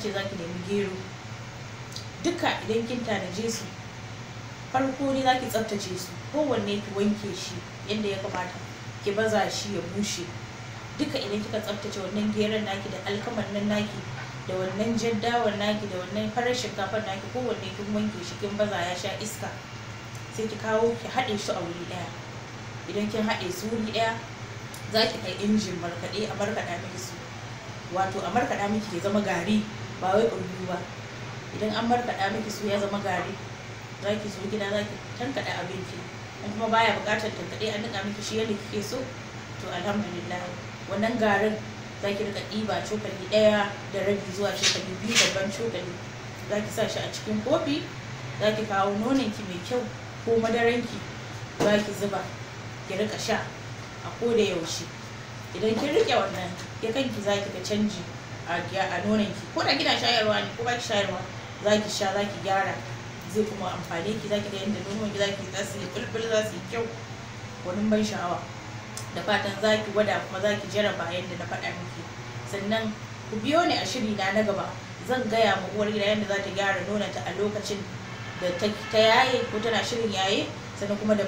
ce za nemi gero duka idan kin tanaje su farko ne za tsaftace su kowanne ki wanke shi yadda ya kamata ki baza shi ya bushe duka idan kika tsaftace wannan geron naki da alkaman nan naki da wannan jaddawar naki da wannan farar shinkafar naki kowanne kin wanke shi kin baza ya sha iska sai ki kawo ki haɗe su a wuri ɗaya idan kin haɗe su wuri ɗaya za ki kai injin markaɗe a markaɗa miki su wato a markaɗa miki ke zama gari ba wai ƙullu ba idan an markaɗa miki su ya zama gari za ki zo gida za ki tankaɗa abinci in kuma baya buƙatar tankaɗe an niƙa miki shi yadda kike so to alhamdulillah wannan garin za ki riƙa ɗiba cokali ɗaya da rabi zuwa cokali biyu babban cokali za ki sa shi a cikin kofi za ki kawo nononki mai kyau ko madaranki za ki zuba ki riƙa sha a ko da yaushe idan kin riƙe wannan ya kanki za ki ga canji a nonon ki ko da kina shayarwa ne ko baki shayarwa za ki sha za ki gyara zai kuma amfani ki za ki ga yadda nonon ki za ki za su bulbul za su yi kyau wani ban sha'awa da fatan za ki gwada kuma za ki jaraba yadda na faɗa miki sannan ku biyo ni a shiri na na gaba zan gaya ma uwar gida yadda za ta gyara ta a lokacin da ta yaye ko tana shirin yaye sannan kuma da